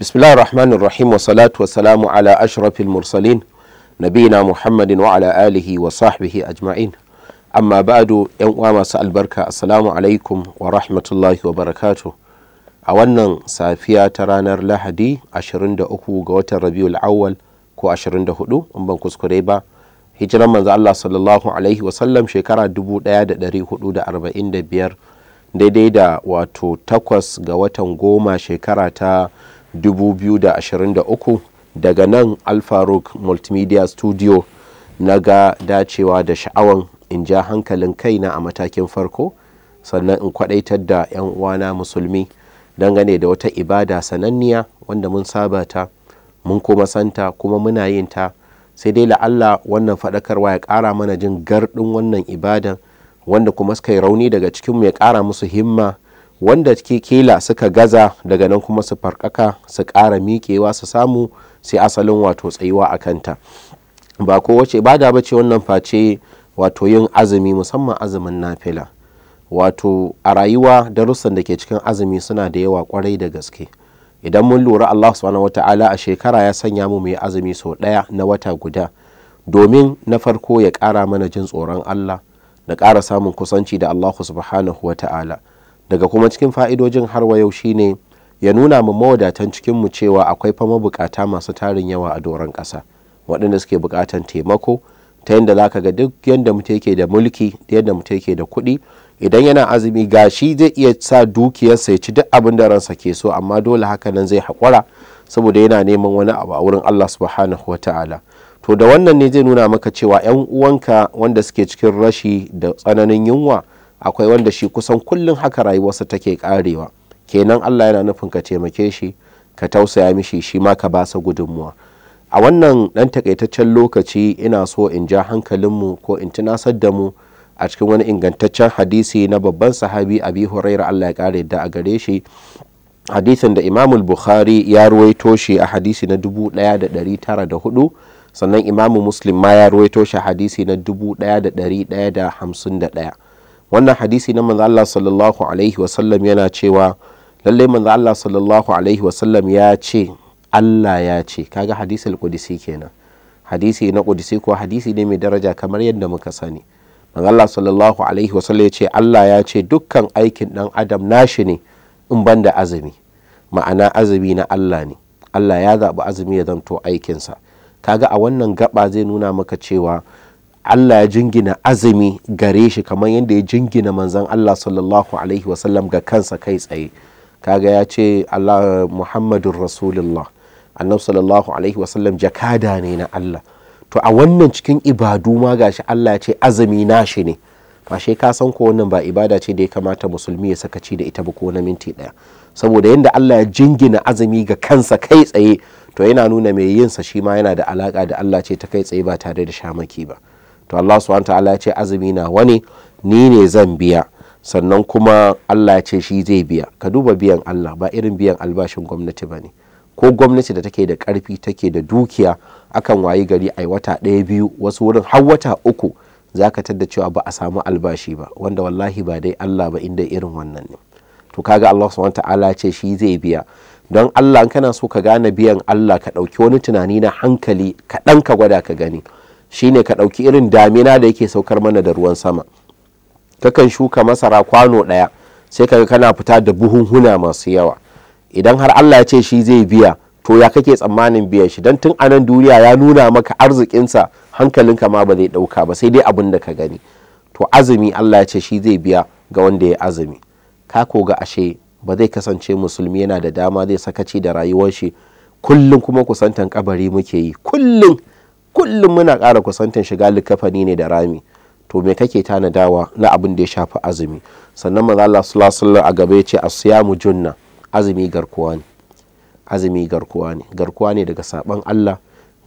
bismillahir rahmanir rahim wa salatu wa salamu ala ashrafil mursalin nabina muhammadin wa ala alihi wa sahbihi ajma'in amma ba'du yan uwa masu albarka assalamu alaikum wa rahmatullahi wa barakatu a wannan safiya ta ranar lahadi 23 ga watan rabiul awwal ko 24 in ban kuskure ba hijiran manzo Allah sallallahu alaihi wasallam shekara 1445 daidai da wato takwas ga watan goma shekara ta 2023 daga nan alfaruk multimedia studio na ga dacewa da sha'awan in ja hankalin kaina a matakin farko sannan in kwadaitar da 'yan uwana musulmi dangane da wata ibada sananniya wanda mun sabata mun kuma santa kuma muna yin ta sai dai la'alla wannan faɗakarwa ya ƙara mana jin garɗin wannan ibadan wanda kuma suka yi rauni daga cikinmu ya ƙara musu himma wanda ke kela suka gaza daga nan kuma su farkaka su ƙara miƙewa su samu sai asalin wato tsayuwa a kanta ba kowace ibada ba ce wannan face wato yin azumi musamman azumin nafila wato a rayuwa darussan da ke cikin azumi suna da yawa kwarai da gaske idan mun lura allah subhanahu wata'ala a shekara ya sanya mu mai azumi sau ɗaya na wata guda domin na farko ya ƙara mana jin tsoron allah da kara samun kusanci da allah subhanahu wata'ala ta'ala daga kuma cikin fa'idojin har wa yau shine ya nuna mu mawadatan cikin mu cewa akwai fama bukata masu tarin yawa a doron kasa waɗanda suke bukatan taimako ta yadda za ka ga duk yadda mutum yake da mulki yadda mutum yake da kuɗi idan yana azumi gashi zai iya sa dukiyarsa ya ci duk abin da ransa ke so amma dole haka nan zai haƙura saboda yana neman wani abu a wurin Allah subhanahu wa ta'ala to da wannan ne zai nuna maka cewa 'yan uwanka wanda suke cikin rashi da tsananin yunwa akwai wanda shi kusan kullum haka rayuwarsa take karewa kenan allah yana nufin ka taimake shi ka tausaya mishi shi ma ka basa gudunmuwa a wannan ɗan takaitaccen lokaci ina so in ja hankalinmu ko in tunasar da mu a cikin wani ingantaccen hadisi na babban sahabi abi huraira allah ya kare da a gare shi hadisin da imamul bukhari ya ruwaito shi a hadisi na dubu da 1904 sannan imamu muslim ma ya ruwaito shi a hadisi na dubu da 1151 wannan hadisi na manzo Allah sallallahu alaihi wasallam yana cewa lallai manzo Allah sallallahu alaihi wasallam ya ce Allah ya ce kaga al qudsi kenan hadisi na qudsi ko hadisi ne mai daraja kamar yadda muka sani manzo Allah sallallahu alaihi wasallam ya ce Allah ya ce dukkan aikin dan adam nashi ne in banda azumi ma'ana azumi na Allah ne Allah ya zaɓi azumi ya zanto aikinsa kaga a wannan gaba zai nuna maka cewa Allah ya jingina azumi gare shi kamar yadda ya jingina manzan Allah sallallahu alaihi wasallam ga kansa kai tsaye kaga ya ce Allah Muhammadun Rasulullah annab sallallahu alaihi wasallam jakada ne na Allah to a wannan cikin ibadu ma gashi Allah ya ce azumi shi ne fashe ka san ko wannan ba ibada ce da ya kamata musulmi ya saka ci da ita ba ko na minti daya saboda yadda Allah ya jingina azumi ga kansa kai tsaye to yana nuna mai yinsa shi ma yana da alaka da Allah ce ta kai tsaye ba tare da shamaki ba to Allah subhanahu ta'ala ya ce azumi na wani ni ne zan biya sannan kuma Allah ya ce shi zai biya ka duba biyan Allah ba irin biyan albashin gwamnati ba ne ko gwamnati da take da karfi take da dukiya akan wayi gari ai wata ɗaya biyu wasu wurin har wata uku za ka tadda cewa ba a samu albashi ba wanda wallahi ba dai Allah ba inda irin wannan ne to kaga Allah subhanahu ta'ala ce shi zai biya don Allah kana so ka gane biyan Allah ka ɗauki wani tunani na hankali kaɗan ka gwada ka gani shine ka ɗauki irin damina da yake saukar mana da ruwan sama kakan shuka masara kwano ɗaya sai kaga kana fita da buhunhuna masu yawa idan har allah ya ce shi zai biya to ya kake tsammanin biya shi don tun anan duniya ya nuna maka arzikinsa hankalinka ma ba zai ɗauka ba sai dai abin da ka gani to azumi allah ya ce shi zai biya ga wanda ya azumi ka ga ashe ba zai kasance musulmi yana da dama zai sakaci da rayuwar shi kullum kuma kusantan kabari muke yi kullum kullum muna kara kusantar shiga likafani ne da rami to me kake tanadawa na abin da ya shafi azumi sannan manzo Allah sallallahu alaihi a gaba ya ce asiyamu junna azumi garkuwa ne azumi garkuwa ne garkuwa ne daga saban Allah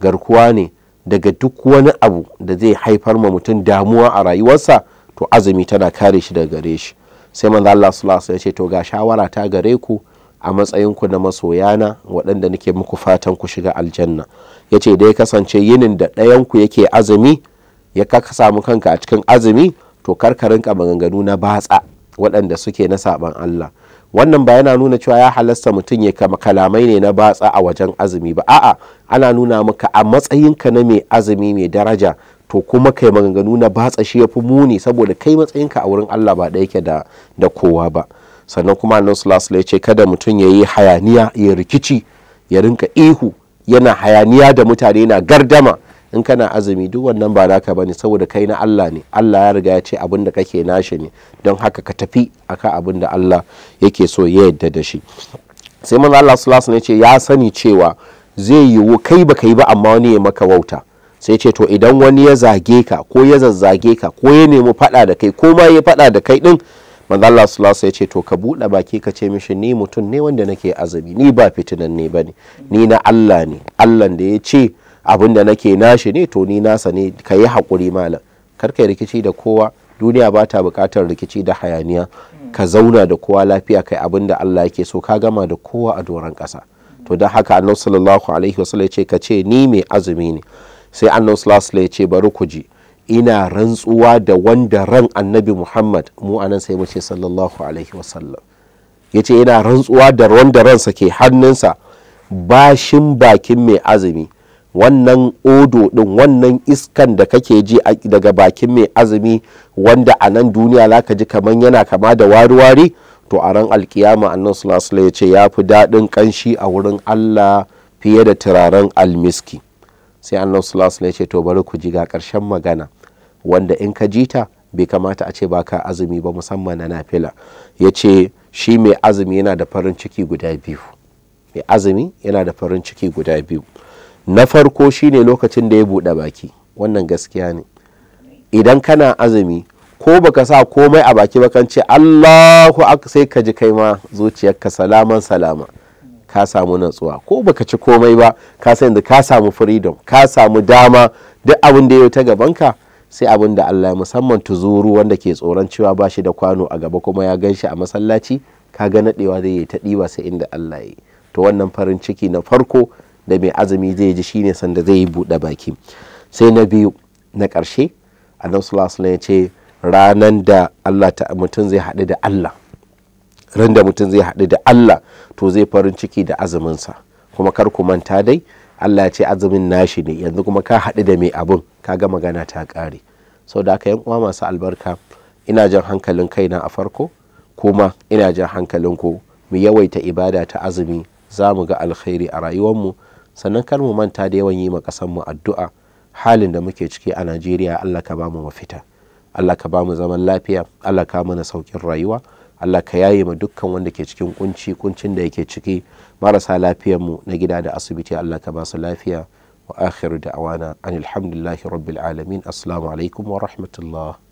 garkuwa ne daga duk wani abu da zai haifar ma mutum damuwa a rayuwarsa to azumi tana kare shi daga gare shi sai manzo Allah sallallahu ya ce to ga shawara ta gare ku a matsayinku na masoyana waɗanda nake muku fatan ku shiga aljanna ya ce da ya kasance yinin da ɗayanku yake azumi ya ka samu kanka a cikin azumi to karkarinka maganganu na batsa waɗanda suke na saban Allah wannan ba yana nuna cewa ya halasta mutum ya kama kalamai ne na batsa a wajen azumi ba a'a ana nuna maka a matsayinka na mai azumi mai daraja to kuma kai maganganu na batsa shi ya fi muni saboda kai matsayinka a wurin Allah ba ɗaya yake da kowa ba sannan kuma annabi sallallahu ya ce kada mutum ya yi hayaniya ya rikici ya rinka ihu yana hayaniya da mutane yana gardama in kana azumi duk wannan ba naka bane saboda kai na Allah ne Allah ya riga ya ce abin da kake nashi ne don haka ka tafi aka abin da Allah yake so ya yadda da shi sai manzo Allah sallallahu alaihi ce ya sani cewa zai yiwu kai baka yi ba amma wani ya maka wauta sai ce to idan wani ya zage ka ko ya zazzage ka ko ya nemi fada da kai ko ma ya fada da kai din manzo Allah sallallahu ya ce to ka buɗe baki ka ce mishi ni mutum ne wanda nake azumi ni ba fitinan ne bane ni na Allah ne Allah da ya ce abin da nake nashi ne to ni nasa ne ka yi haƙuri malam kar ka rikici da kowa duniya ba ta buƙatar rikici da hayaniya ka zauna da kowa lafiya kai abin da Allah yake so ka gama da kowa a doron ƙasa to don haka annabi sallallahu alaihi wasallam ya ce ka ce ni mai azumi ne sai annabi sallallahu alaihi wasallam ya ce bari ku ji ina rantsuwa da wanda ran annabi muhammad mu anan sai mace sallallahu alaihi wasallam ya ce ina rantsuwa da wanda ransa ke hannunsa bashin bakin mai azumi wannan odo din wannan iskan da kake ji daga bakin mai azumi wanda a nan duniya zaka ji kamar yana kama da wari-wari to a ran alkiyama annan sulasula ya ce ya fi daɗin ƙanshi a wurin allah fiye da turaren almiski sai an sallallahu ne ce to bari ku ji ga karshen magana wanda in ka jita bai kamata a ce baka azumi ba musamman na nafila ya ce shi mai azumi yana da farin ciki guda biyu mai azumi yana da farin ciki guda biyu na farko shine lokacin da ya buɗe baki wannan gaskiya ne idan kana azumi ko baka sa komai a baki ba kan ce Allahu sai ka ji kai ma zuciyarka salaman salama ka samu natsuwa ko baka ci komai ba ka san da ka samu freedom ka samu dama duk abin da ya ta gaban ka sai abin da Allah ya musamman tuzuru wanda ke tsoron cewa ba shi da kwano a gaba kuma ya gan shi a masallaci ka ga nadewa zai yi ta diba sai inda Allah ya yi to wannan farin ciki na farko da mai azumi zai ji shine sanda zai yi buɗe baki sai na biyu na karshe annabi sallallahu alaihi wasallam ya ce ranan da Allah ta mutum zai haɗu da Allah ran da mutum zai haɗu da Allah to zai farin ciki da azuminsa kuma kar ku manta dai Allah ya ce azumin nashi ne yanzu kuma ka haɗu da mai abun ka ga magana ta ƙare sau da aka yan uwa masu albarka ina jan hankalin kaina a farko kuma ina jan hankalin ku mu yawaita ibada ta azumi za mu ga alkhairi a rayuwarmu sannan kar mu manta da yawan yi ma mu addu'a halin da muke ciki a najeriya allah ka ba mu mafita allah ka ba mu zaman lafiya allah ka mana saukin rayuwa Allah ka yaye ma dukkan wanda ke cikin kunci kuncin da yake ciki marasa lafiyar mu na gida da asibiti Allah ka ba su lafiya wa akhiru da'awana anil hamdulillahi rabbil alamin assalamu alaikum wa rahmatullah